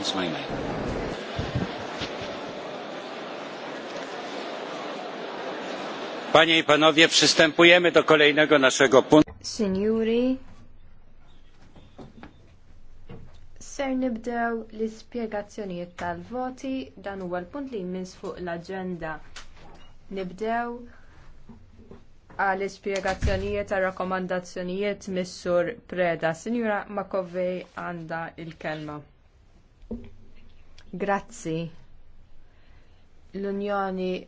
is Panie i panowie, przystępujemy do kolejnego naszego punktu. Signori, ser nibdew l-ispjegazzjonijiet tal-voti dan huwa l-punt li jmiss fuq l agenda Nibdew għal ispjegazzjonijiet ta' rakkomandazzjonijiet mis-Sur Preda. Sinjura Makovej għanda il kelma Grazzi. L-Unjoni